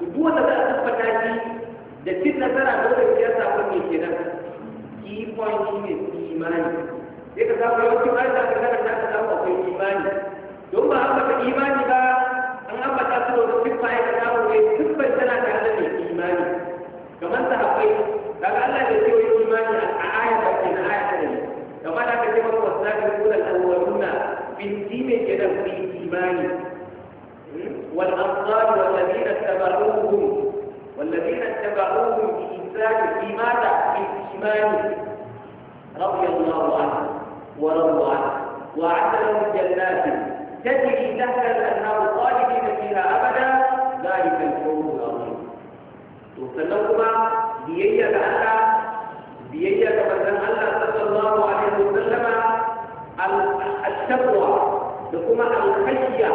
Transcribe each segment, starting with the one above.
duk wanda za a tabbata shi da cin nasara da wanda ya samu ne shi ne imani sai ka samu da aka ka samu akwai imani don ba imani ba an ambata su da ya samu ne tana tare da mai imani kamar sahabbai Allah da ke yi. والذين اتبعوهم بإحسان في ماذا؟ في ايمانه رضي الله عنه ورضوا عنه وأعد لهم الجنات تجري تحت الأنهار خالدين فيها أبدا ذلك الكون العظيم. وسلمكما بيجا بأن بيجا كمثل أن صلى الله عليه وسلم التقوى لكما الخشية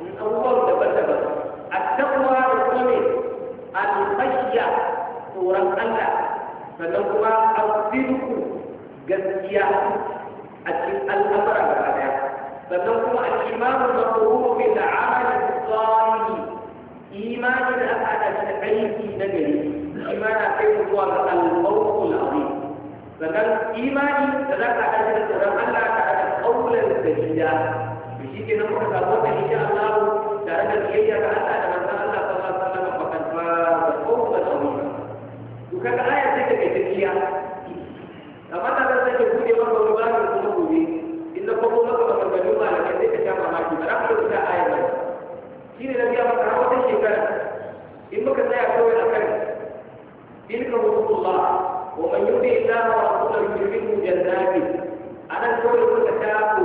من أول تبسمت alfayya tsoron Allah sannan kuma asirku gaskiya a cikin al'amuran gaba daya sannan kuma al-imanu maqrubu da amali salih imani da aka da shi aiki na gari imani kai zuwa ga al-mawqul azim sannan imani da da tsoron Allah ka da qaulan sadida shi ke nan muka samu insha Allah tare da biyayya ga Allah da kaga aya ce ta kaitacciya amma na zan sake buɗe maka wani ba da kuma gobe in na kuma maka maganganu malamai sai ka sha mamaki ba ka rubuta aya ba shi ne biya maka wata shekara in muka tsaya kawai a kan tilka hududullah wa man yuti illaha wa rasulahu yudkhilhu jannatin anan kawai muka ta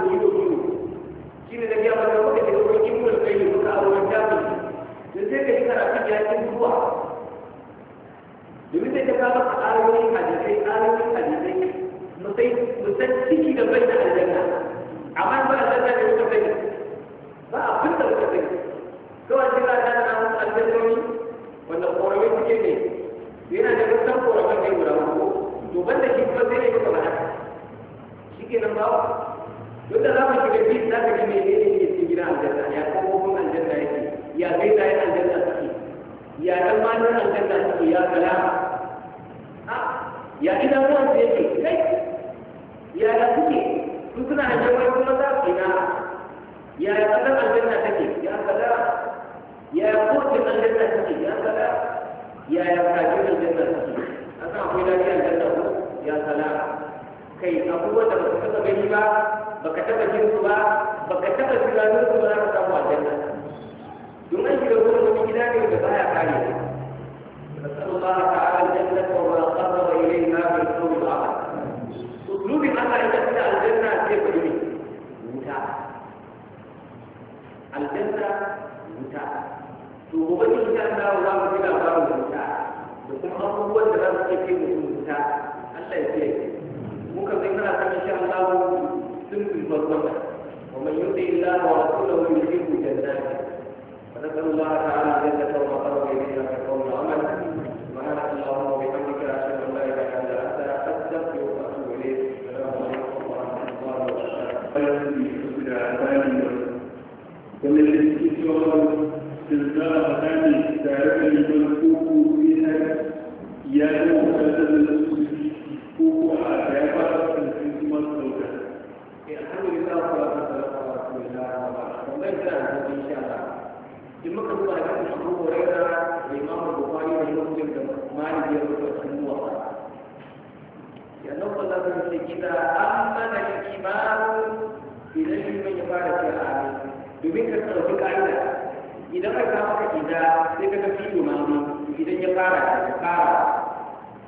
idan aka maka gida sai ka tafi imami idan ya fara ya fara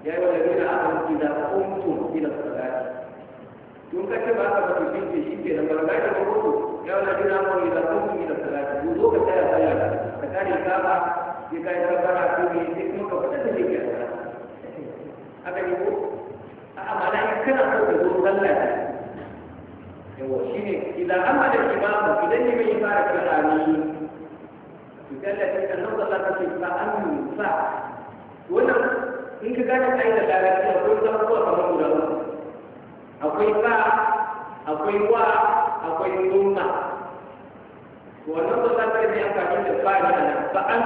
ya yi wani nuna abin ila kuntum ila salati tun ka ce ba ka ba su shi shi ke nan ba ka ba ko ya wani nuna abin ila kuntum ila ko zo ka tsaya da ka kare ka ya kai ka fara ko ne sai kuma ka fita da jikin haka ne ko a amana in kana so ka zo sallah yawa shi ne idan an da imamu idan ne mai fara kira ni to sallah ta kan sallah ta ce fa an sa wannan in ka gane da larabci akwai zaɓuɓɓuwa kamar guda uku akwai sa akwai wa akwai nuna wannan ba za ka yi amfani da ba da ba an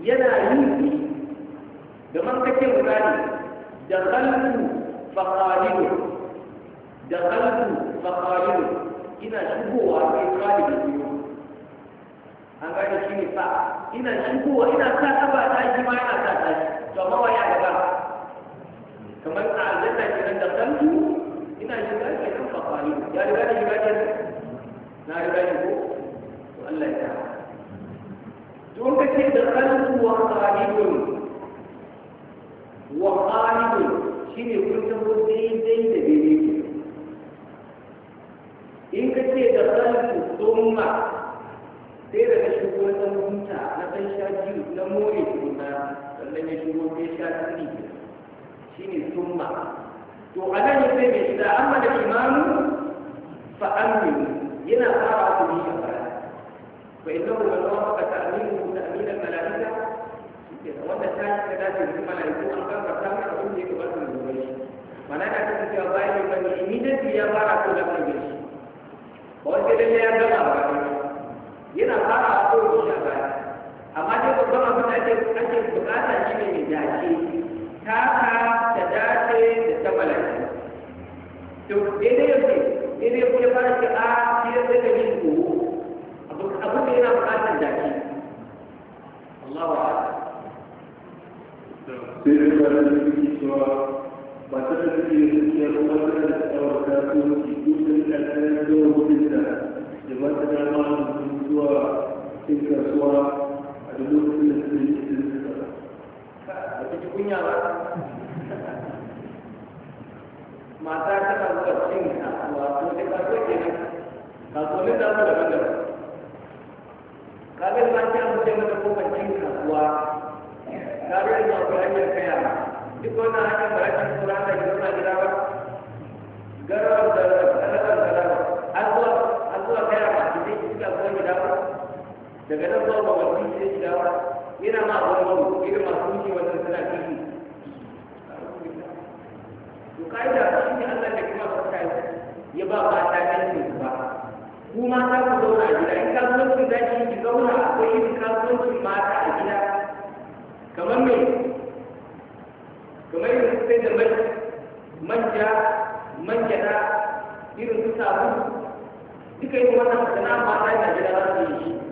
yana yi da man kake misali da kalbu fa khalidu da kalbu fa khalidu ina shigowa sai khalidu biyu an gane shi ne fa ina shigowa ina sa kafa ta shi ma ina sa ta shi to amma ba ya gaba kamar a aljanna ke nan da kantu ina shiga ke nan fafani ya riga da shiga ke na riga shi ko to Allah ya ta don ka ce da kantu wa qalibun wa qalibun shine kun tabbata dai da daidai ke in ka ce da kantu summa sai da ka shigo na huta na ɗan shaji na more sannan ya shigo sai sha tsiri shine summa to a nan ya sai mai da amma da imanu fa amin yana fara ku yi shafara fa innahu man wafaqa ta'minu ta'min al-malaika wanda ta yi ta dace da malaiku an kan fata mai abin da ya gabata da gobe mana da ta cewa bayan da bane immediately ya fara ko da kan shi ba wai sai dai ya gama ba yana fara ko shi a baya amma dai babban abin da ake ake bukata shi ne dace taka ta dace da ta malaki to daidai yake kuma fara ce a shi da zai gani ko abu da yana bukatar dace Allah wa sai da fara ba ta da suke zuciya kuma ta da tsawar kasuwanci duk da ta da yawan mutunta da ba ta dama zuwa da kasuwa dulu dulu dulu dulu itu cukunya lah mata kita buat sing waktu kita buat ini kalau ini dalam dalam dalam kalian lancar mungkin menemukan sing kuat kalian mau belajar kayak di kota akan belajar kurang lagi karena dirawat garang garang garang garang aku aku kayak jadi kita boleh dirawat daga nan zuwa babban titi da gidawa yana ma wani wani irin masu wuce wannan suna titi to ka'ida shi yi Allah da kuma sarka ya ba mata yanki ba ku ma mata ku zauna a gida in kasuwanci za ki ki zauna akwai yin kasuwanci mata a gida kamar me kamar yin sai da mai manja manjana irin su sabu duka yin wannan sana'a mata na gida za su yi shi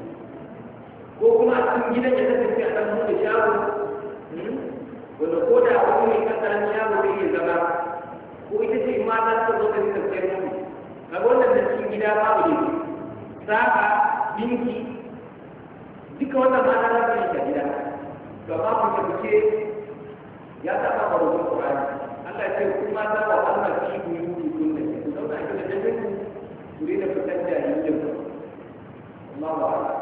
ko kuma a cikin gidan ya kasance a ɗan da shago hmm? wanda ko da wani mai kan shago zai iya zama ko ita ce ma za ta zo ka ji tafiyar mu a wannan da cikin gida babu ne saka binki duka wannan ma za ta yi ta gida ga ma mu tabbace ya saba wa rubutun Qur'ani Allah ya ce kuma za wa Allah fi da shi? ku zauna a gidan da ku ku rena fitar da yin Allah wa'ala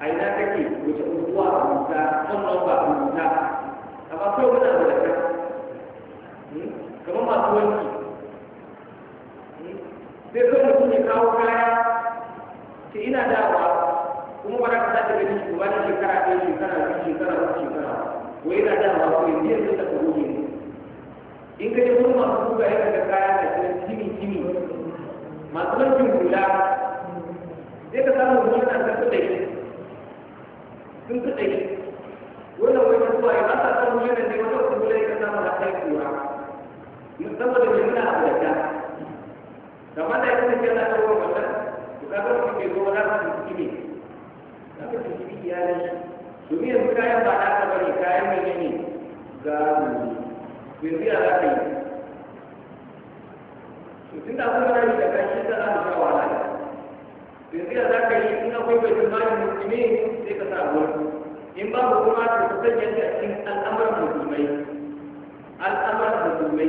a ina kake wace unguwa a rubuta kan lamba a rubuta amma kawai muna da daga hmm? kamar masu wanki hmm? sai kawai mutum ya kawo kaya ce ina dawa kuma ba za ka sake gani shi ba da shekara ɗaya shekara biyu shekara uku shekara ko yana dawa ko yanzu yanzu da ka goge ne in ka je wurin masu buga yana da kaya da kimi kimi masu wankin hula sai ka samu wani na karfi da shi sun fi tsaye wannan wani zuwa ya ba sa samun yana ne wata wasu gula ya samu da kai kuwa musamman da muna abu da ta da ma da ya kuma kyala ta wani wannan to kaga ke zo wani abu da ne kaga su shi iyalin domin yanzu kayan ba na ba ne kayan manya ne ga mu yanzu ya za ka yi tun da abin da da kashi da za mu sha wahala yanzu za ka yi in akwai bai tsammanin ne? sai ka sa in babu kuma to ku sanya a cikin al'amuran musulmai al'amuran musulmai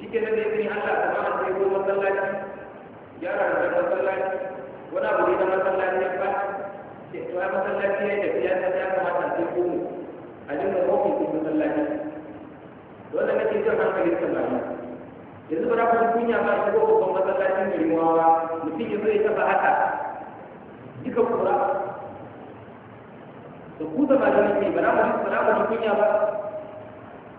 shi ke nan da sai ko masallaci gyara da masallaci wani abu ne na masallaci ba masallaci ya ta kamata ko a dinga kokin cikin masallaci ke jan yanzu ba kunya ba shigo babban masallacin gari mutum ya zai taba haka duka kura da ku da malamin ne ba na mu ba na mu kunya ba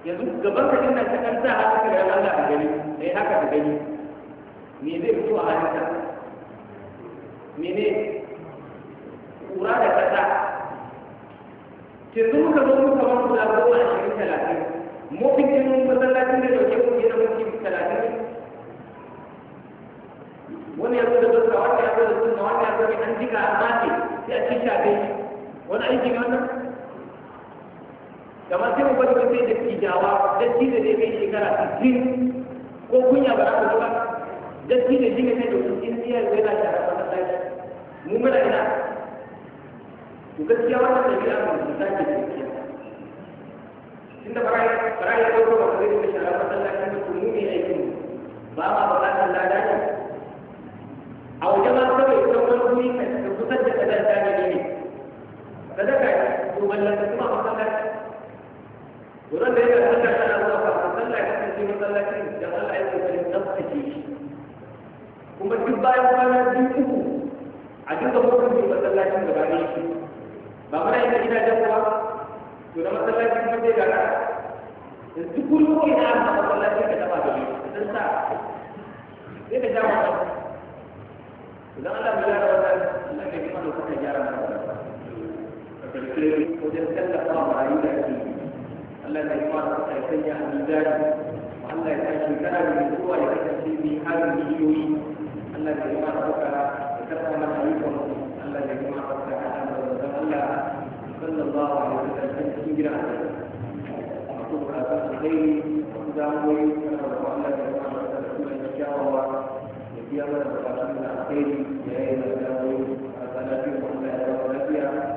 yanzu gaban ka dinnan ta kan sa haka ga Allah a gani dai haka ka gani me zai fito a hannunka mene kura da kasa yanzu muka zo muka ba mu labaru a cikin talatin mofin jinin masallacin da dauke mu yana cikin talatin wani ya zo da dosa wani ya zo da sunna wani ya zo da an jika an mace sai a ci shafe wani aiki ne wannan kamar sai mu gwada wani sai da datti da zai kai shekara 60 ko kunya ba za ka zuba datti da jiga sai da kusin siyar zai na shara ba ta mu muna ina to gaskiya wannan da biya mu ta ke gaskiya tunda barai fara ya dauko ba zai da shara ba ta da mu ne aikin ba ma bukatar lada ne a wajen ma kawai kan wani guri ka kusan da kadan ne sadaka to mallaka kuma masallaci wurin da yake sallah tana zuwa ka sallah ka kace masallaci da Allah ya kokari tsaftace shi kuma duk bayan kwana biyu uku a duka mutum masallacin gaba ne shi ba mana ina da kuwa to da masallacin kuma zai gara da duk kullum ina amma masallacin ka taba da shi dan sa sai ka ja idan Allah ya gyara wannan Allah ya ji mana kuka gyara mana wajen tallafa a yi da ke Allah na yi fara a sanya a mizani Allah ya tashi kana da zuwa ya kasance mai halin miliyoyi Allah na yi fara suka ya kasa mana ayyukan Allah na yi fara suka a kan zarzan Allah sallallahu alaihi wa sallam cikin gida a kuma kasan alheri wasu damuwoyi kana da Allah na yi fara suka da kuma da kyawawa da biya mana bukatun da alheri ya yi da damuwoyi a sanadin wanda ya zama lafiya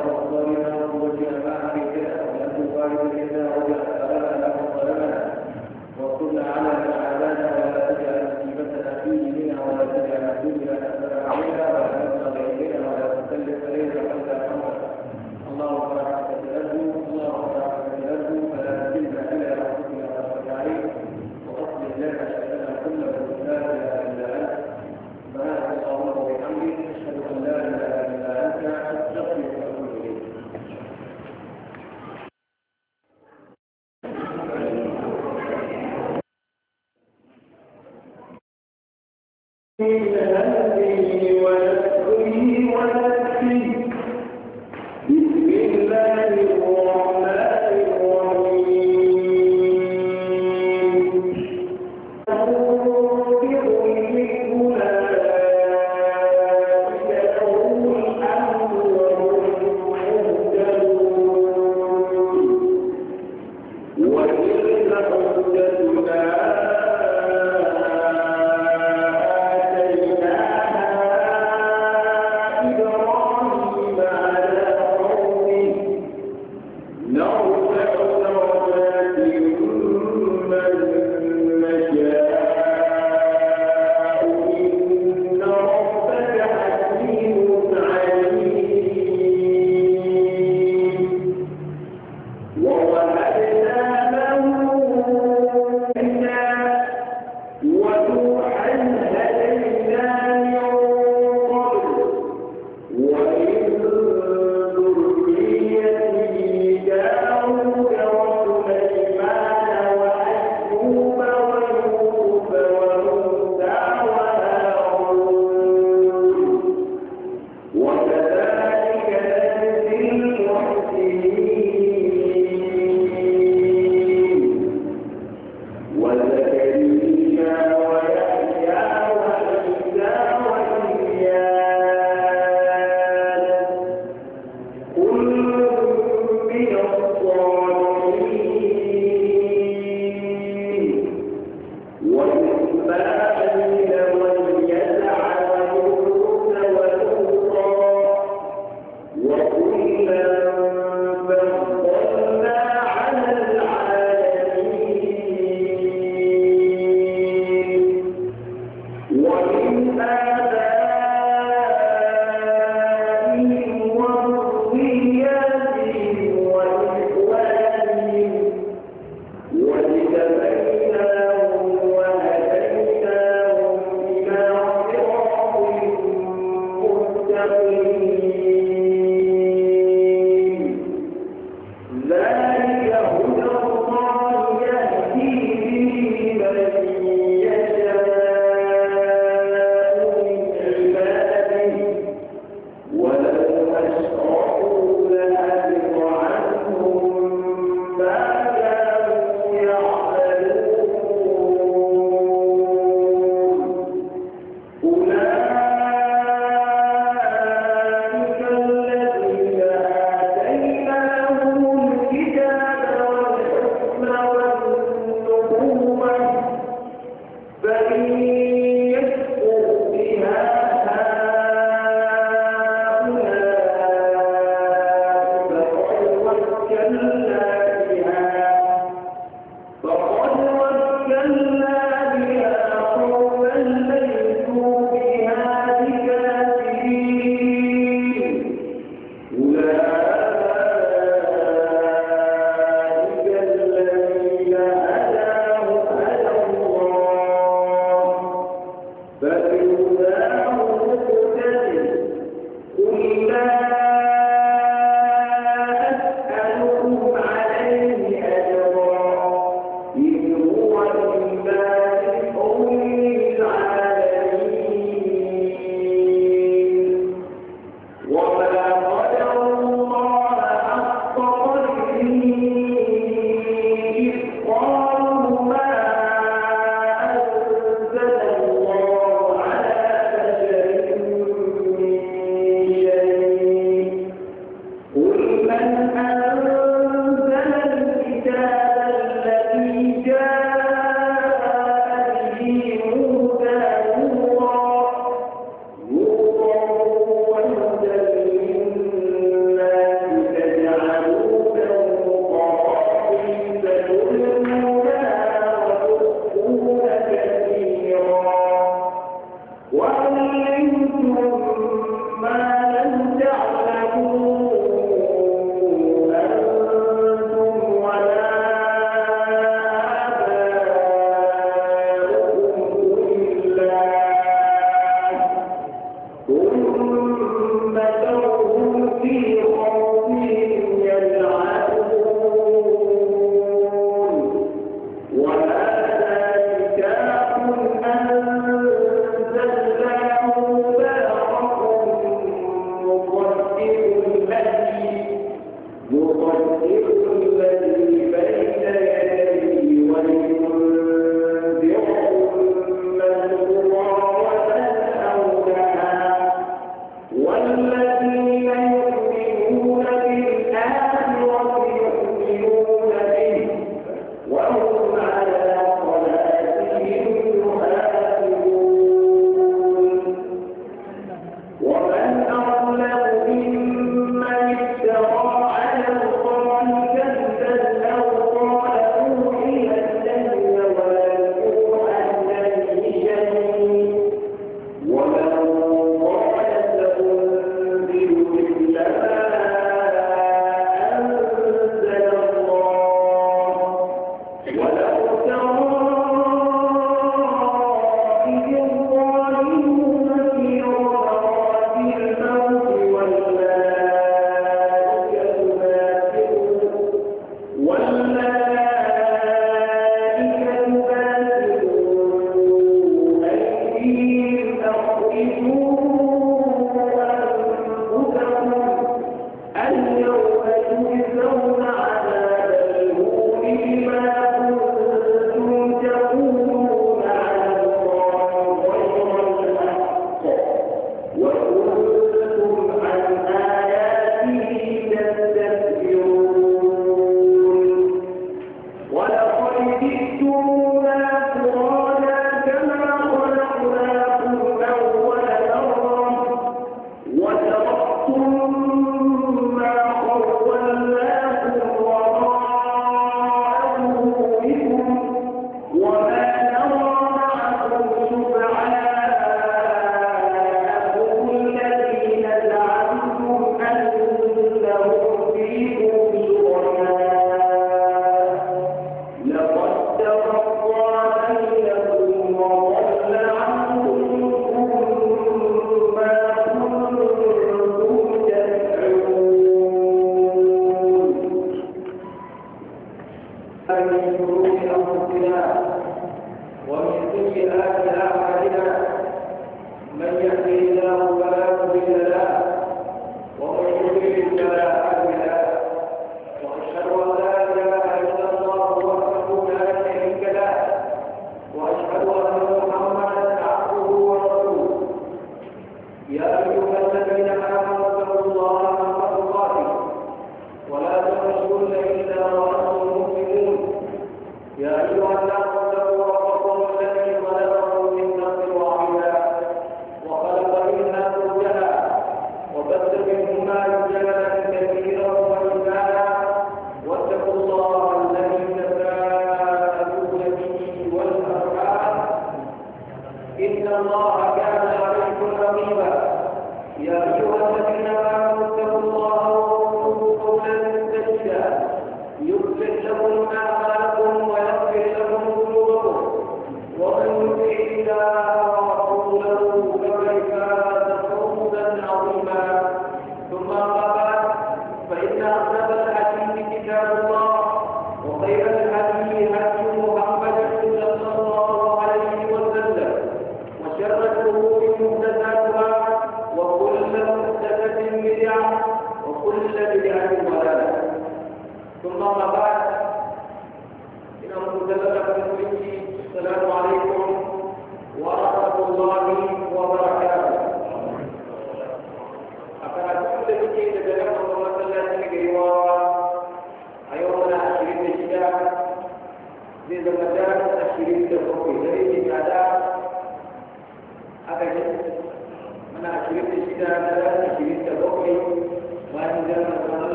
بسم الله الرحمن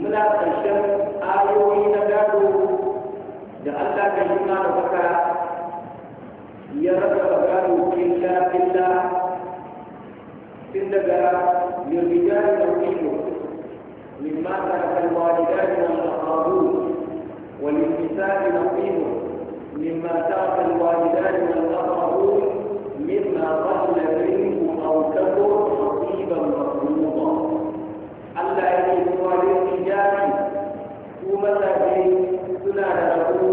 muna ƙarshen ayoyi na gado da Allah ka yi ma da baka ya rasa gado killa killa tun daga mirgijar da wuyino min mata da kalwalidar da al'adu والانتساب نقيم مما ترك الوالدان والأقربون مما قل منه أو كثر نصيبا مفروضا ألا يكون والدك mazaje suna da abu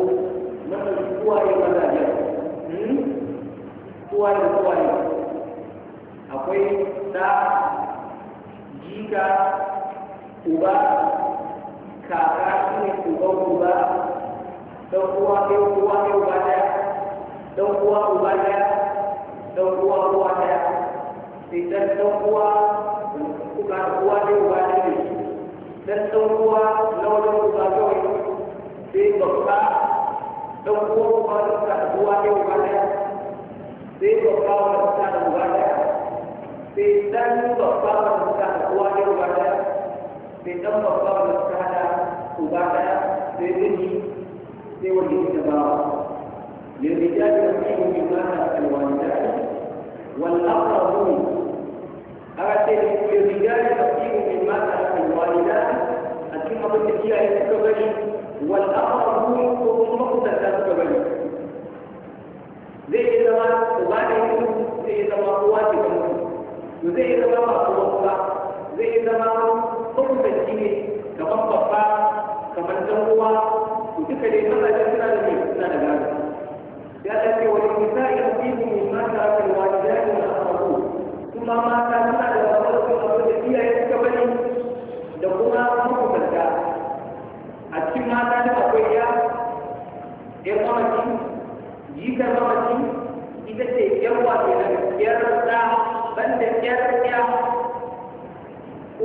na mafi kuwaye mazaje hmm? kuwaye kuwaye akwai da jika uba kaka shi ne uba dan uwa uba uba sai uba dan ɗaukowa na wajen kusa kawai sai babba ɗauko kuma da ta zuwa ne uba ɗaya sai babba wanda ta da sai dan babba wanda ta da ne uba ɗaya sai dan babba wanda ta da uba ɗaya sai miji sai wanda ya ta bawa للرجال نصيب أتي للرجال تقسيم مما ترك الوالدان الكلمة التي هي الكبري والأقربون هم مقتدى الكبري زي زمان وبعدين زي زمان قواتي وزي زمان مقتدى زي زمان مقتدى كمان بابا كمان جوا وتكلم الله جل وعلا يا أخي والنساء يقيم مما ترك الوالدان والأقربون ثم ما ترك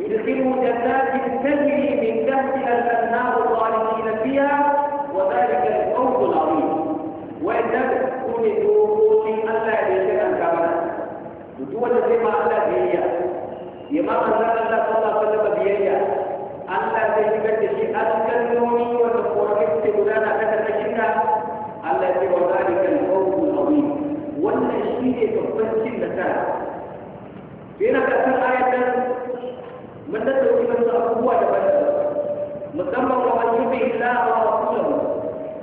يدخله جنات تجري من تحتها الانهار خالدين فيها وذلك الفوز العظيم وان لم تكن توقوتي الا يشكا كما دول سيما الا بيا يما الله الله صلى الله عليه وسلم بيا الله zai shigar da shi a cikin nomi wanda korafi suke gudana kasa ta shirka Allah ya ce wa zalikan fawzul azim wannan shi ne babban cin nasara yana da mun da dauki wasu abubuwa da bada musamman wa man yubi illa wa rasulahu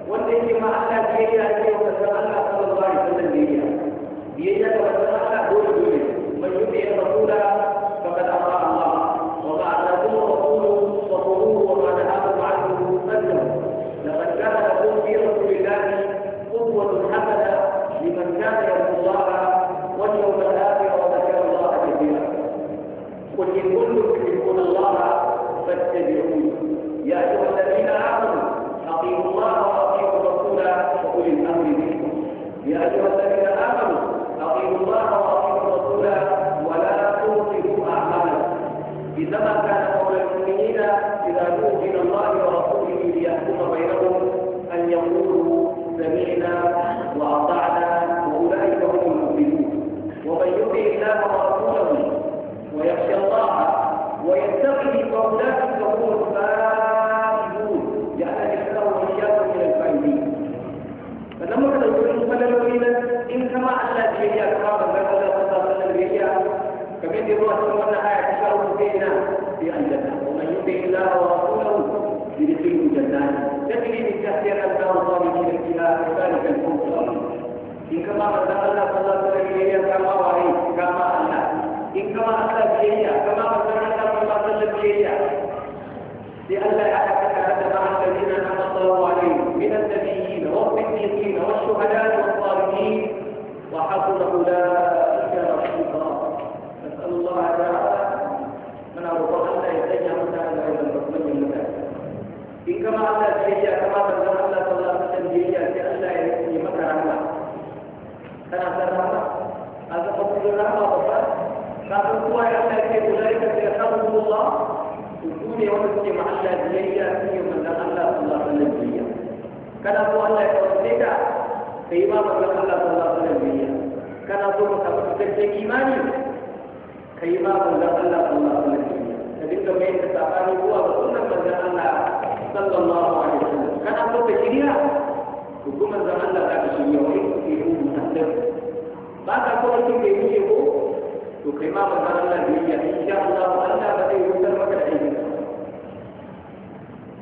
wanda yake ma Allah biyayya ne wa sallallahu alaihi wasallam biyayya biyayya ga يا أيها الذين آمنوا أطيعوا الله وأطيعوا الرسول ولا تبطلوا أعمالكم إنما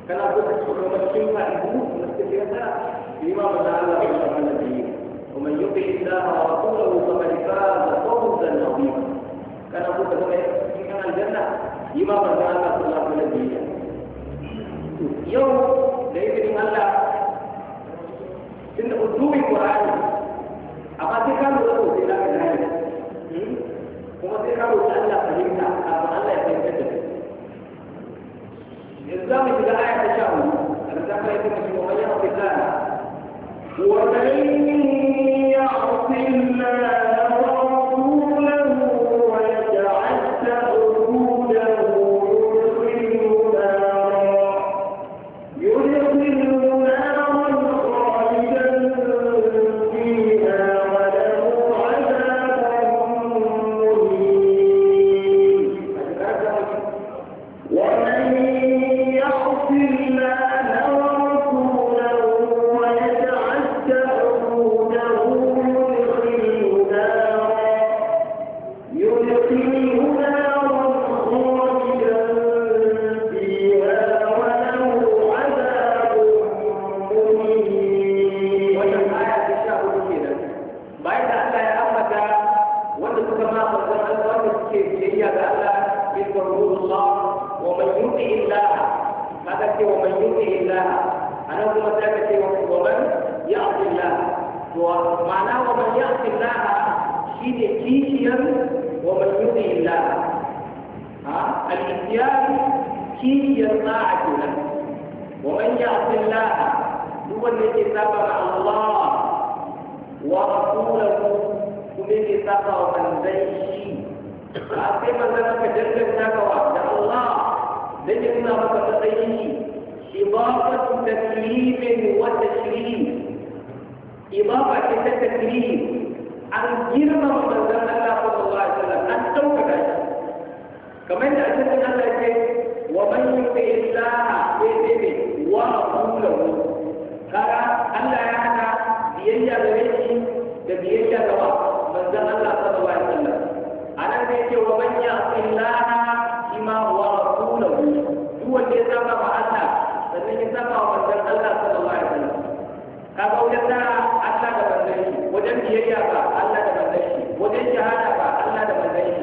كان أقول لكم مسكين فأنه مستفيدا فيما ومن يطع الله ورسوله فقد فاز فوزا عظيما كان أقول لكم إيه، كان الجنة فيما متعلق يوم الله إن أدوب القرآن كانوا لكم وما تكانوا الله ومن مطابقة غيره إضافة تكليف وتشريف إضافة تكليف عن جرم رمضان الله صلى الله عليه وسلم أن توقف كما أن أسد الله ومن يطع الله بإذنه ورسوله ترى ألا يعنى بيجا بيجي بيجا دواء من ذا الله صلى الله عليه وسلم أنا بيجي ومن يعصي الله بما ورسوله kowanne ya saba wa Allah sannan ya saba wa manzon Allah sallallahu alaihi wasallam kaga wajen da Allah da manzon shi wajen biyayya ba Allah da manzon shi wajen shahada ba Allah da manzon shi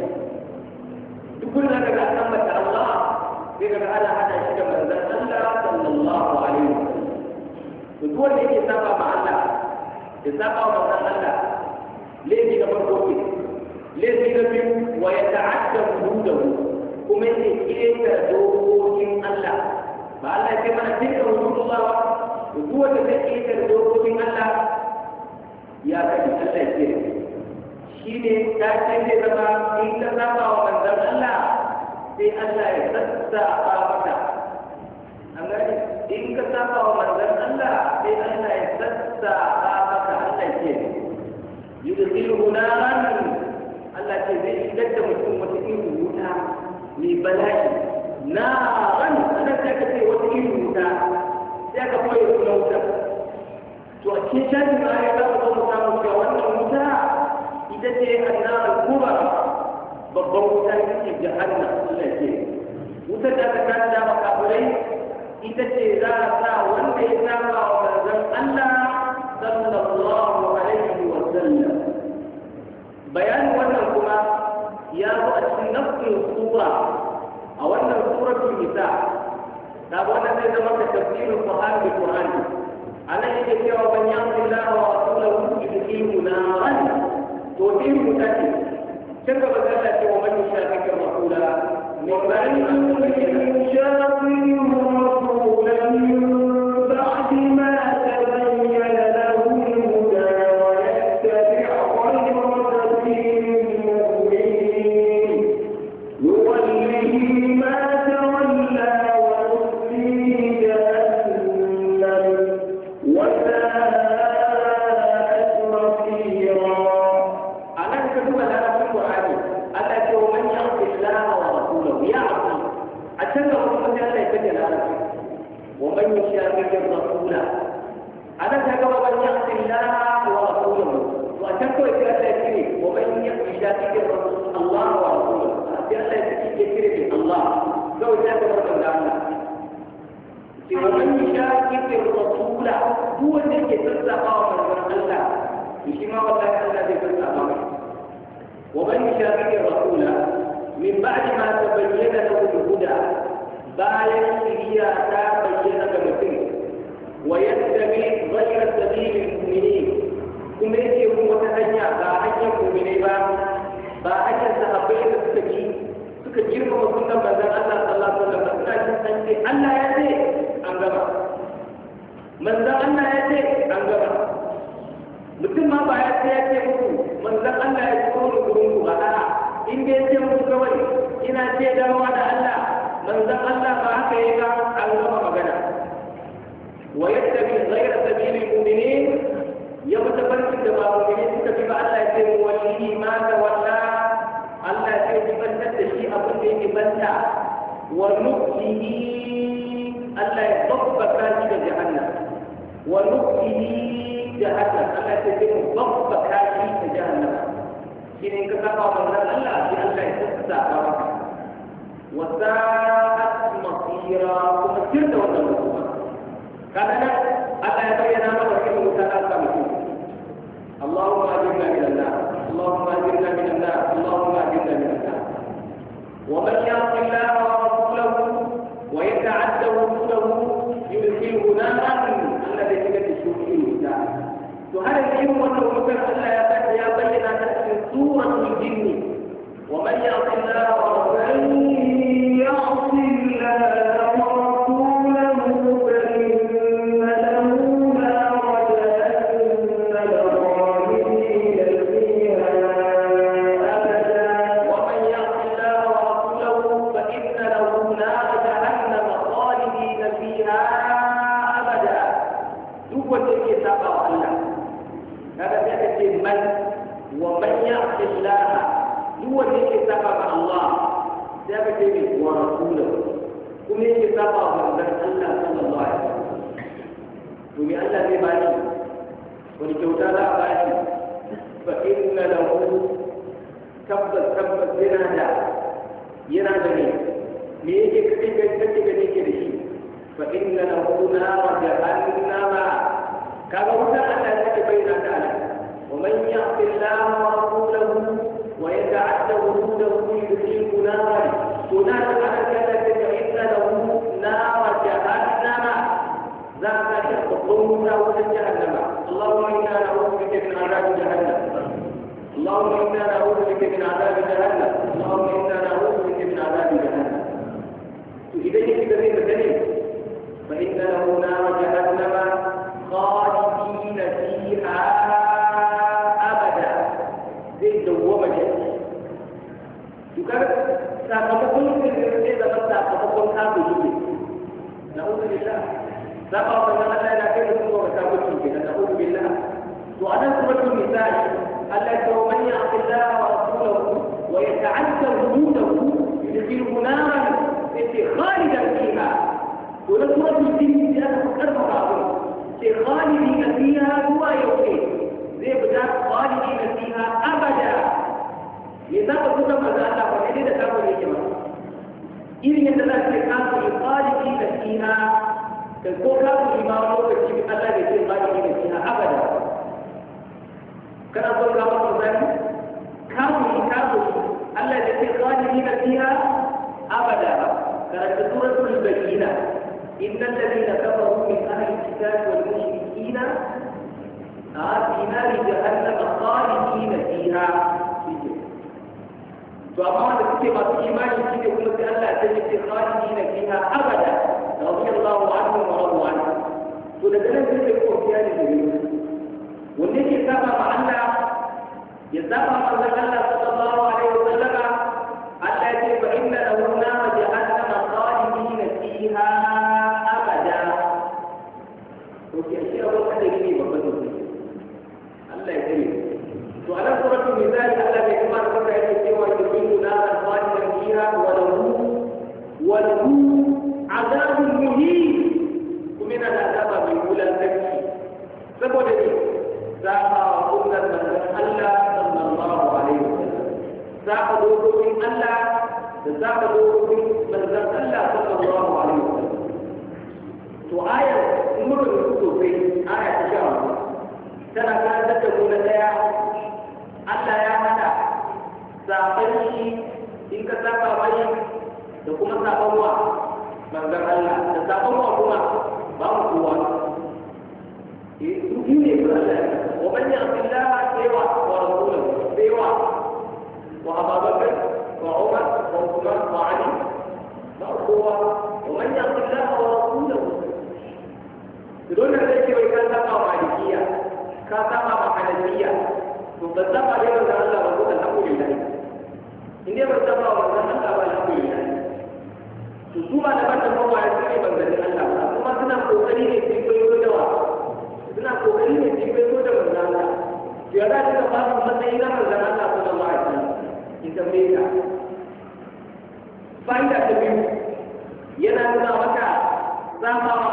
duk kullum daga an tabbata Allah sai daga ana hada shi da manzon Allah sallallahu alaihi wasallam to duk wanda yake saba ma Allah ya saba wa manzon Allah laifi na farko ne laifi na biyu wa ya hududahu kuma yake keta dokokin Allah ba Allah ce mana tilka hududullah ba duk wanda ta keta dokokin Allah ya kaji Allah ke shi ne ta ce zama in ta saba wa manzon Allah sai Allah ya sassa sassafa mata an gani in ka saba wa manzon Allah sai Allah ya sassa sassafa mata Allah ke yudkhiluhu naran Allah ce zai shigar da mutum wata irin wuta mai bala'i na ran sanar da aka ce wata irin wuta sai aka koya suna wuta to a cikin ma ya za ku zo samu ga wannan wuta ita ce annar kuba babban wuta ita ce jahanna Allah ke wutar da aka kanta makafirai ita ce za a sa wanda ya saba wa manzon Allah cikin nafsin tura a wannan tura ke nisa da wanda zai zama da tafsirin ko har da Qur'an a nan yake cewa ban yi amfila wa wasu da wuce da ke na ran to ke mu ta ce cin gaba ta ce wa mani sha take makula الله ورسوله ويتعدى وجوده يحيي هناك حركة تستعد له نار جهنم ذاك حق الظلم جهنم اللهم إنا نعوذ بك من عذاب جهنم اللهم إنا نعوذ بك من عذاب جهنم اللهم إنا نعوذ بك من عذاب جهنم إذا كنت تبين sakamakon mutum ne zama sakamakon kafin shi na uzu billah za ka wata zama Allah yana kai da kuma wata kafin shi na uzu billah to anan kuma tun misali Allah ya wa man ya'tillaha wa rasulahu wa yata'adda hududahu yudkhilhu naran fi khalidan fiha to na kuma tun din da aka karfafa abu ce khalidina fiha zuwa yau ne zai fita khalidina fiha abada me za ka kusa manzo Allah ba dai da kafin yake ba irin yadda za ka ce kafin qaliki da fiha da ko kafin ma lokaci Allah bai ce qaliki da fiha abada kana so ka ba misali kafin kafin Allah bai ce qaliki da fiha abada karanta suratul bayyina إن الذين كفروا من أهل الكتاب والمشركين في نار جهنم خالدين فيها فأمان تكي ما في إيمان يجيدي قلت أن لا تجد خالدين فيها أبدا رضي الله عنه ورضو عنه فلدنا كل الكوفيان الجميل والنبي سبع معنا يسبع صلى الله صلى الله عليه وسلم أن لا يجب إن له نام جهنم خالدين فيها أبدا وكيف يرون هذا الجميل وفضل wanda zai ce wai ka saba wa malikiya ka zama wa to ba saba da yawan Allah ba ko da in dai ba saba wa zan Allah ba alhamdulillah to su ba da banda mawa ya ce manzon Allah ba kuma suna kokari ne su koyo da wa suna kokari ne su koyo da manzon Allah to ya ba su matsayi na manzon Allah sallallahu alaihi wasallam in tambaye ka fa'ida ta biyu yana nuna maka samawa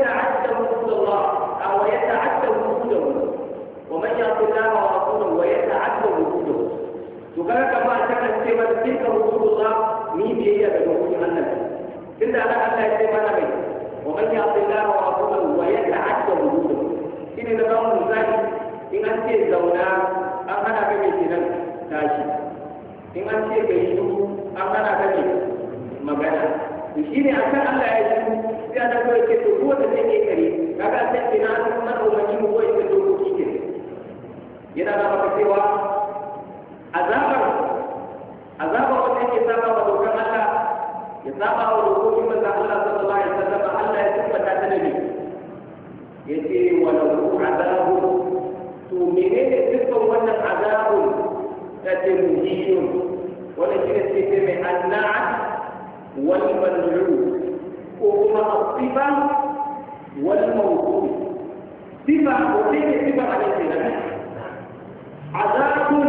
الله ورسوله ويتعدى وجوده وكان كما تكن سيما تلك وجود الله مين هي بوجود الله إن على الله سيما نبي ومن يعصي الله ورسوله ويتعدى وجوده إن نظام الزاني إن أنت زونا أم أنا بمثلا تاشي إن أنت بيشو أم أنا بمثلا مغانا shi ne a kan Allah ya shi sai a nan kawai ke to kowace sai ke kare kaga sai ke na na umarni mu kawai ke to yana da maka cewa azabar azabar wanda yake saba wa dokar Allah ya saba wa dokokin manzo Allah sallallahu alaihi wasallam Allah ya tabbata ta ne yace wa lahu azabu to menene dukkan wannan azabu da tamjiyun wala shi ne sai mai anna'a wal man'u ko kuma asiba wal mawdu sifa ko ne sifa a cikin azabun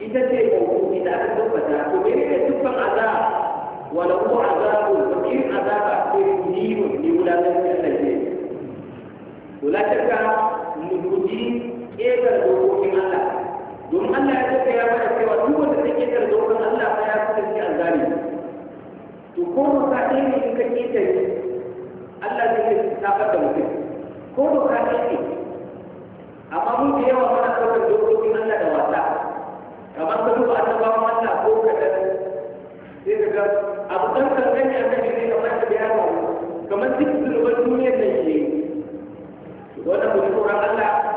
ita ce mawuku ita aka tabbata ko mene ne dukkan azab wala huwa azabun to irin azaba ko yiwu ne wulatar da Allah ne wulatar ka mu guji ƙetar dokokin Allah Don Allah ya tafi ya mana cewa duk wanda ta Allah ba ya fi gaske azami to ko mu ka ɗaya ne in ta Allah zai ta tabar mutum ko ka ne amma mun da yawa muna ɗaukar dokokin Allah da wasa kamar ka duba annabawan Allah ko kaɗan sai ka ga abu ɗan kankan ne annabi ne kamar da ya kamar duk zurbar duniyar nan ke wannan mutum Allah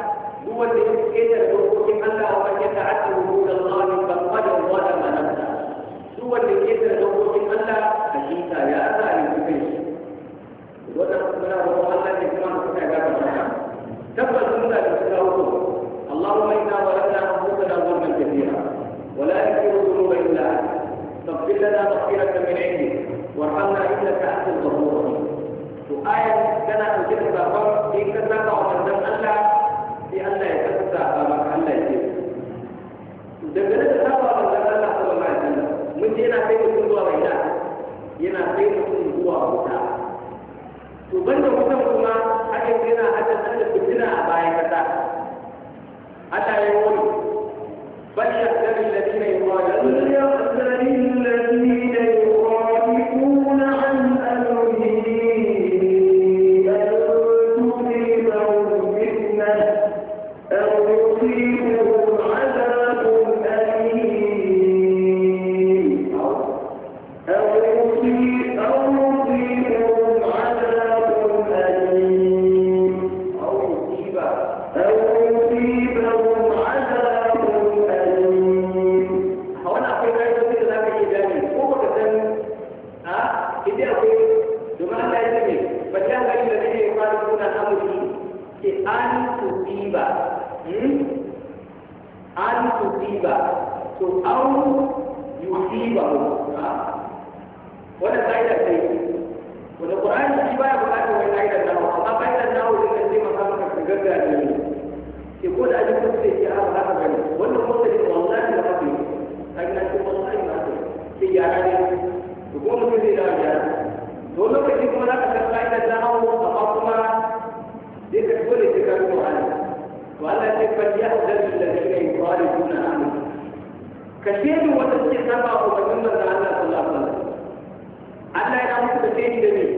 ilé mi.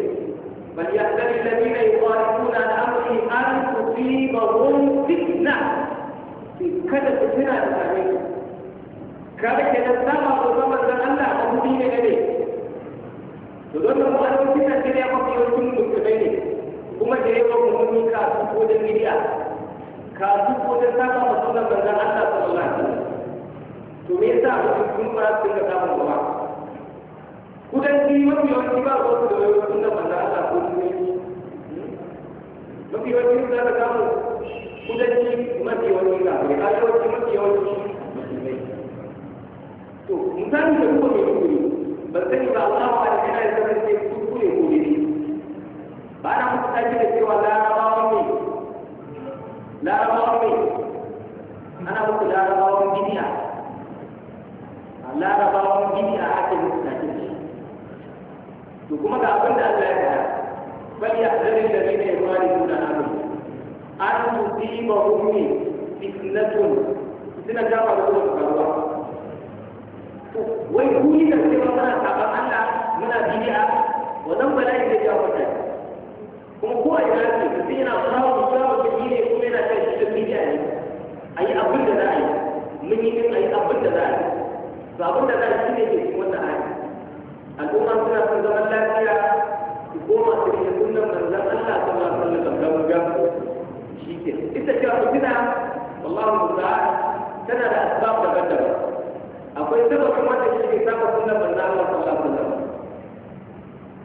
yanzu ba kuma da shi ke saba sunan manzo Allah sallallahu alaihi wasallam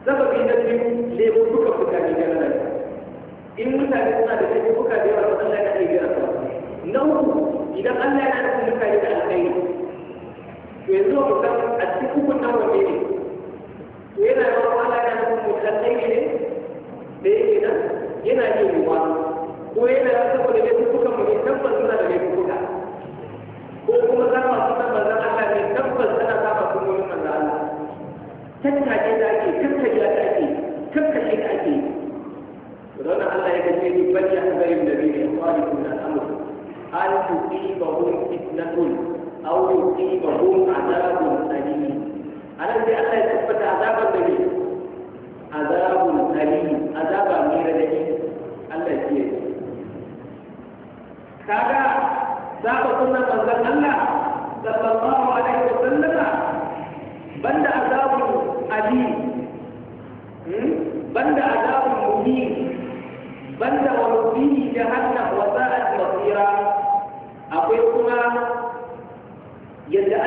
sababi na biyu lebo duka fuka ne ga nan in mutane suna da lebo fuka da yawa Allah ya kai gira su na uku idan Allah ya kai mutane da alkhairi to yanzu ba san a cikin hukun nan wanne ne to yana yawa Allah ya kai mutane ne da yake nan yana yin ruwa ko yana yawa saboda lebo fuka mu ne tabbas suna da lebo tattake da ake kakkarya da ake kakkashe da ake don Allah ya gaje ni bal ya hazarin da bai kwali kun al'amur an tusibahum fitnatun aw yusibahum azabun alim anan sai Allah ya tabbata azaban da ne azabun alim azaba mai radadi Allah ya ce kaga zaba sunan manzon Allah sallallahu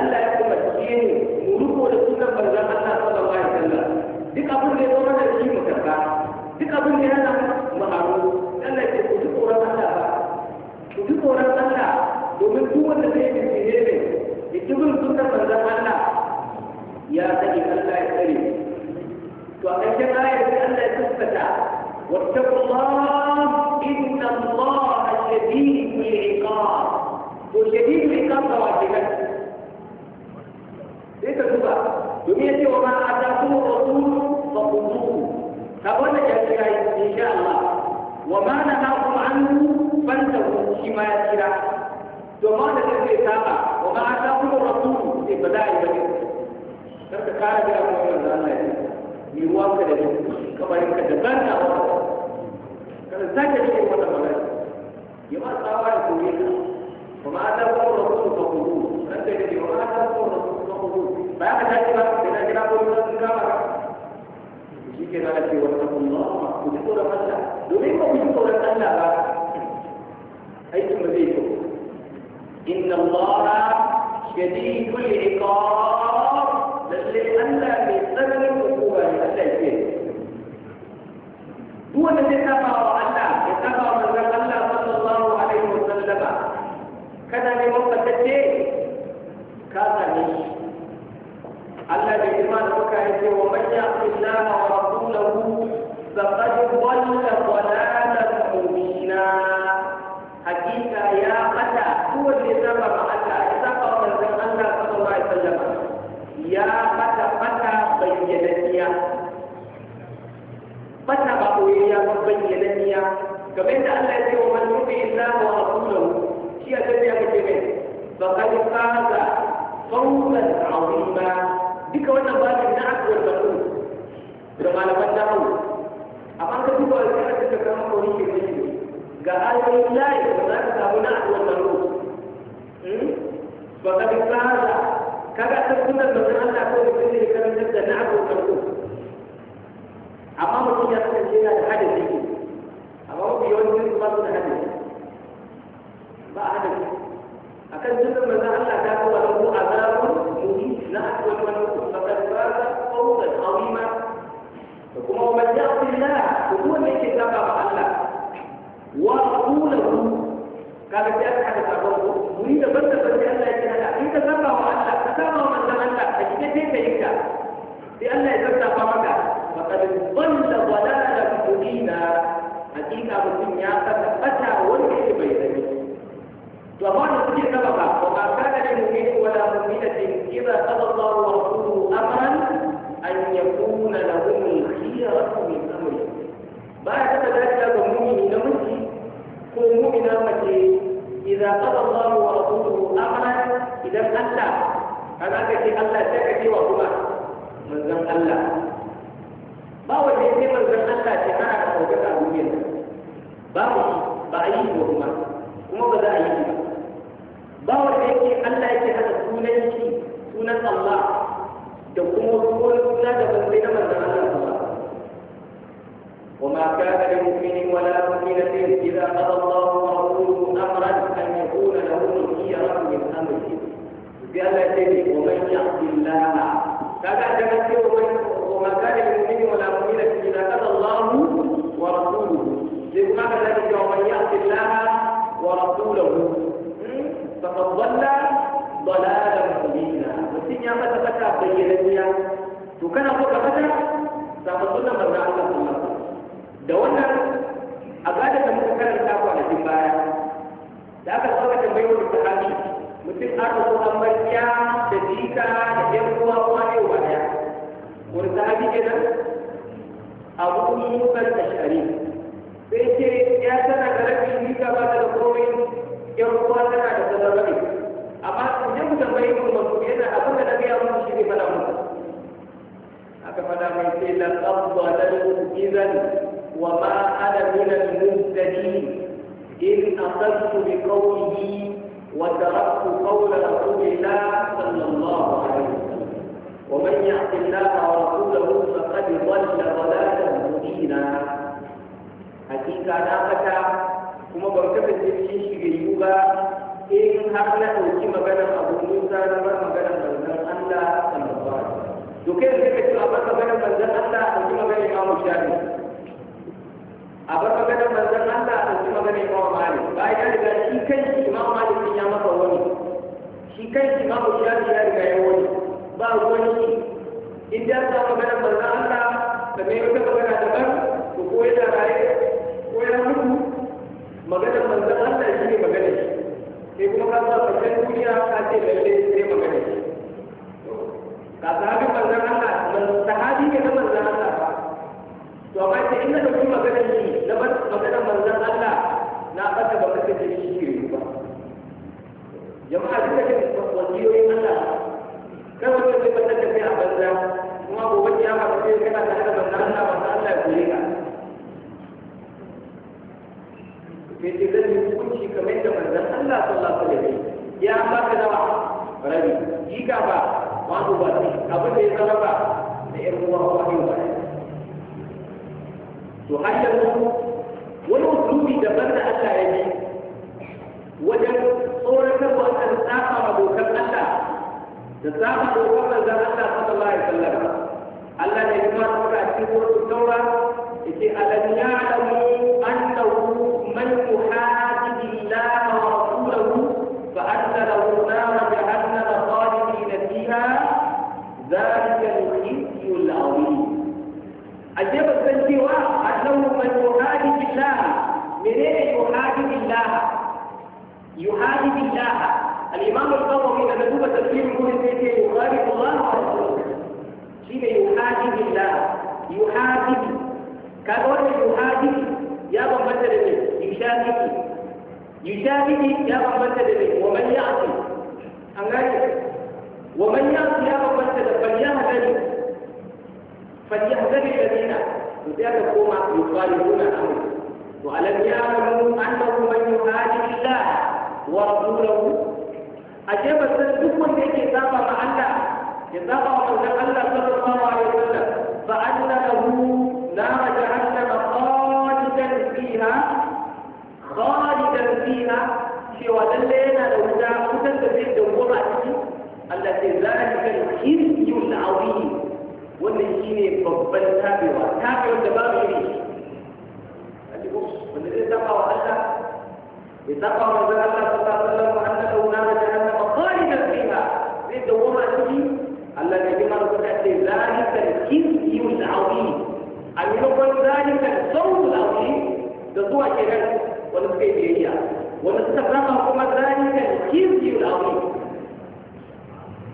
Allah ya umarce mu mu rubo da sunan manzon Allah sallallahu alaihi wasallam duk abin da ya zo mana shi mu karba duk abin da ya hana mu haro Allah ya ku duk tsoron Allah ba ku duk tsoron Allah domin duk wanda zai yi tsire ne ikibin sunan manzon Allah ya sani Allah ya tsare to a ƙarshen ayar sai Allah ya tabbata واتقوا الله إن الله شديد العقاب وشديد العقاب واجبات sai duba domin ya ce wa mana ata kuma rasulu fa kuzuhu ka wanda ya kira insha Allah wa mana na kuma an fanta shi ma ya kira domin da kake saba wa ma ata kuma rasulu sai ba za a yi ba kar ka kara da abubuwan da Allah ya yi ruwan ka da ni kamar ka da banta wa kada zaka yi wannan magana ya ma tsawa ya koyi ka wa ma ata kuma rasulu fa kuzuhu kada ka ce wa ma ata kuma rasulu الخروج بعد ذلك إذا كنا قلنا الكفر shi ke nana cewa ta kuma ku ji tsoron Allah domin ba ku ji tsoron Allah ba aikin ba zai kyau inna Allah shadidul iqab lalle Allah mai tsananin hukuma ne Allah yake duk wanda zai saba wa Allah ya saba wa manzon Allah sallallahu alaihi wa sallama kana neman fatacce ka same shi Allah da girma da kuka yi ce wa manya Allah wa rasulahu faqad dhalla dhalalan mubina hakika ya mata ya zaba ma Allah ya zaba wa manzon Allah sallallahu alaihi wasallam ya mata mata bayyananniya mata ba koyayya ba bayyananniya kamar da Allah ya ce wa man yuti wa rasulahu shi a tafiya kake mai faqad faza fawzan 'azima duka wannan ba ne na akwai zaɓo da malaman dawo amma ka duba da kira duka kama kori ke da shi ga ayoyi layi ba za ka samu na akwai zaɓo hmm? ba ka bi tsara kaga ta da mutum Allah ko mutum ne karantar da na akwai zaɓo amma mutum ya kasance yana da hada ne amma mafi yawancin ba su da hada ne ba a ne akan jirgin mutum Allah ta kawo wani ko azabun mutum not with one who, but that's alaikum wasu yana abin da na biya muku shi ne fada muku aka fada mai sai la qabda lahu idan wa ma ana min al-muhtadin in aqadtu bi qawlihi wa taraktu qawla rasulillah sallallahu alaihi wasallam ومن يعص الله ورسوله فقد ضل ضلالا مبينا حقيقه na fata kuma ban kasance cikin shigayyu ba in har na ɗauki maganar abu musa na bar maganar manzon allah sallallahu alaihi wasallam to kai da kake cewa bar maganar manzon allah a ɗauki maganar imamu shafi a bar maganar manzon allah a ɗauki maganar imamu malik bayan ya riga shi kai imamu malik ya maka wani shi kai imamu shafi ya riga ya wani ba wani in da ta maganar manzon allah da mai wata magana daban to ko yana raye ko yana mutu maganar manzon allah shi ne maganar shi sai kuma ka zuwa sassan duniya ka ce lalle sai magana ka sahabi manzan Allah sahabi ne na manzan Allah ba to amma sai in na dauki magana ni na magana manzan Allah na ɓata ba kasa da shi ke ba jama'a duka kan wasiyoyin Allah kan wanda zai ɓata tafiya a banza kuma gobe ya ba ta sai kana tare da manzan Allah manzan Allah ya kore sai ce zan hukunci kamar da manzon Allah sallallahu alaihi wasallam ya baka dawa rabi giga ba wani ba abin da ya zama ba da ƴan uwa ko ake ba to har yanzu wani usulubi daban da Allah ya yi wajen tsoratarwa da tsafa abokan Allah da tsafa abokan manzon Allah sallallahu alaihi wasallam Allah ne ya kuma suka cikin wurin taura يحارب الله الإمام القومي إذا نتوب تسليم يقول إنه يخالف الله ورسوله شيء يحارب الله يحارب كان يحارب يا من مثلني يشارك يشارك يا من مثلني ومن يعصي أنغاني ومن يعصي يا من مثل فليهدني فليهدني الذين وذلك هم يخالفون أمره ولم يعلموا أنه ورسوله أجاب السلسل من يجي إذابة مع الله إذابة وقال الله صلى الله عليه وسلم فأن له نار جهنم خالدا فيها خالدا فيها cewa lalle yana da wuta kusan da zai dawwama a ciki Allah sai zalika al-khizyul azim wannan shine babban tabewa tabewar da babu iri shi wanda zai zama wa Allah يتقى رضي الله صلى الله عليه وسلم أنه نار جهنم خالدا فيها لدوما الذي جمع رسالة ذلك الكذب العظيم أن يقول ذلك الصوت العظيم لطوع شرك ونسكيبية ونستفرقه كما ذلك الكذب العظيم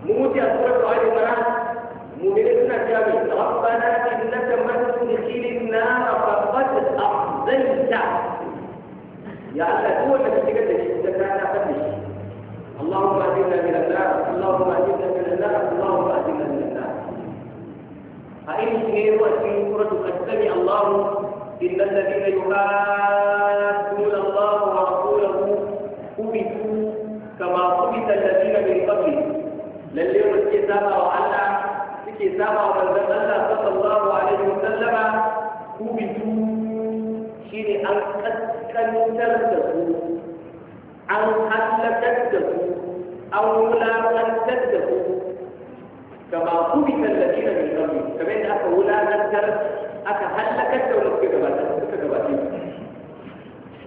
موتي أسورة آل عمران مدرسنا جامع ربنا إنك من تدخل النار فقد أحزنته يعني الله هو الذي تجد الشدة لا اللهم أجرنا من النار اللهم أجرنا من النار اللهم أجرنا من النار أئن وأتي سورة قد سمع الله إن الذين يحادون الله ورسوله كبتوا كما كبت الذين من قبل لليوم الكتاب وعلى الكتاب ومن صلى الله عليه وسلم كبتوا شيء أنقذ kaskantar da ku an hallakar da an wulakantar da ku tallafi da mai kamar yadda aka wulakantar aka hallakar da wani suka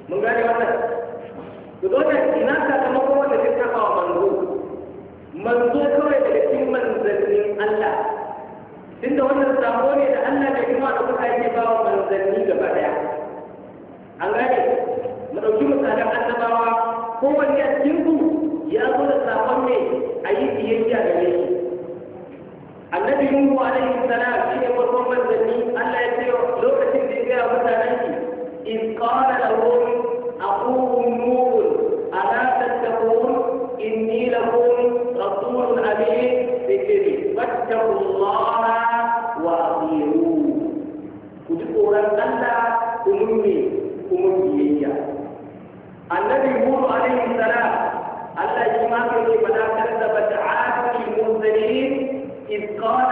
mun gane wannan ku zo da ina sakamakon wanda zai wa manzo manzo kawai daga cikin manzannin Allah tunda wannan sako ne da Allah da kuma da kuka yake ba wa manzanni gaba daya an gane mu ɗauki misalan annabawa kowanne a cikin ku ya zo da sakon ne a yi biyayya da ne annabi yungu alaihi salam shi ne farkon manzanni Allah ya ce lokacin da ya gaya mutanen shi in qala lahum aqum nuhun ala tattaqun da lakum rasulun amin bikri fattaqullaha wa biyu. ku ji tsoron Allah ku mumme kuma biyayya annabi hud alaihi salam Allah shi ma kai ce bada kazzaba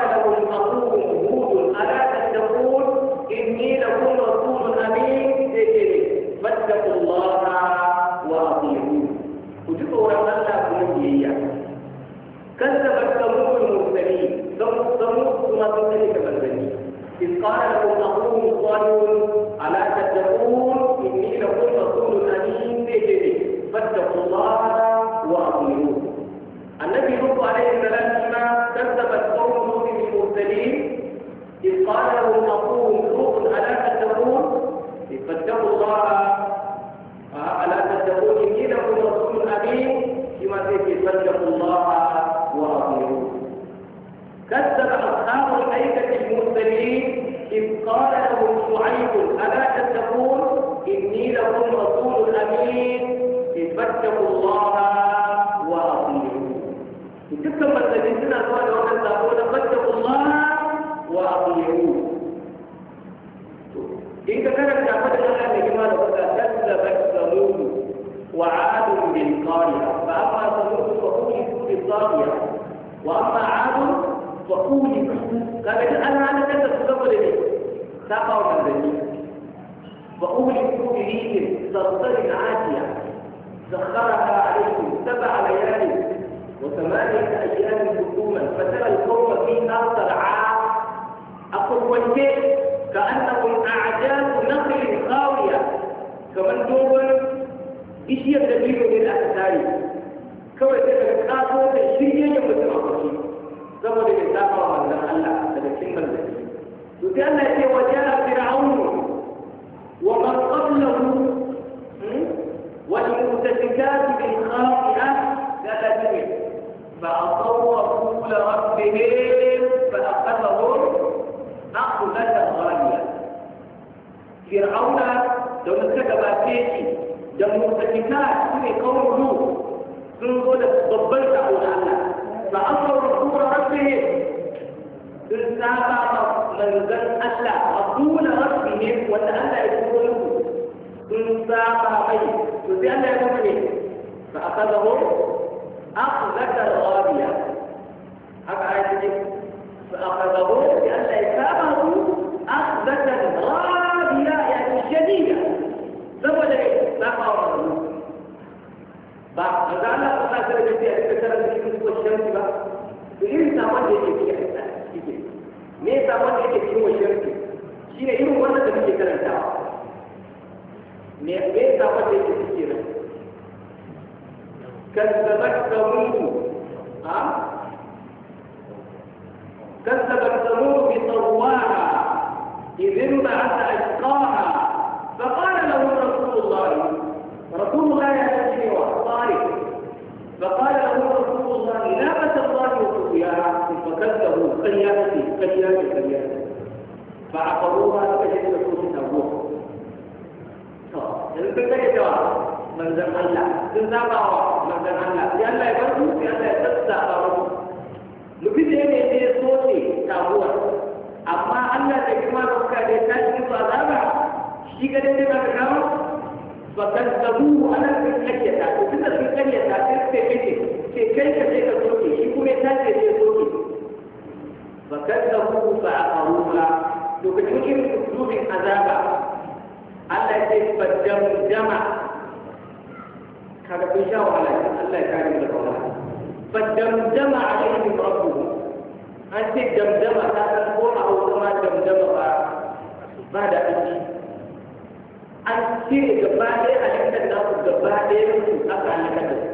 إذ قال له أخوهم هود ألا تتقون إني لكم رسول أمين فاتقوا الله وأطيعون وتقوا رحمة الله كمبيئة كذبت ثمود المرسلين ثمود ثم تكذب المرسلين إذ قال له أخوهم صالح manzan Allah a tuna rabbihim wanda Allah ya turo musu sun saba mai to sai Allah ya kuma ne fa akadahu akhdata rabiya haka ai take fa akadahu sai Allah ya saba su akhdata rabiya ya shadida saboda saba wa ba manzan Allah ta sa da ya ce a cikin karatu ko shamsi ba to irin sabon da yake kiyaye me yasa wanda yake cikin washirki shi ne irin wannan da muke karantawa me yasa wanda yake cikin nan kazzabat samud ha كذبت ثمود بطواها إذ انبعث أشقاها فقال له رسول الله رسول الله يأتي وأخباره فقال له رسول الله لا بس الله وسقياها فكذبوا سيئتي ƙarya da ƙarya ba a faru ba aka je da ta ruwa to yanzu sun kare wa manzan Allah sun saba wa manzan Allah sai Allah ya bar sai Allah ya sassaba musu mutum ne ne sai ya soke tabuwa amma Allah da girma da ne ta cikin ba za shi ga dai ba ka kawo ba kan zabu ana kan karyata ko kuma sun karyata sai sai kake sai kai ka sai ka soke shi kuma ya tace sai soke فكذبوه فعقروها لكتوكي بأسلوب عذابا الله يجب فالجمع جمع كذا كل شيء على الله يكرم لك الله فالجمجم عليهم ربهم أنت الجمجمة هذا القول أو كما جمجمة بعد أنت an cire gaba ɗaya a yankin da su gaba ɗaya su aka halaka da su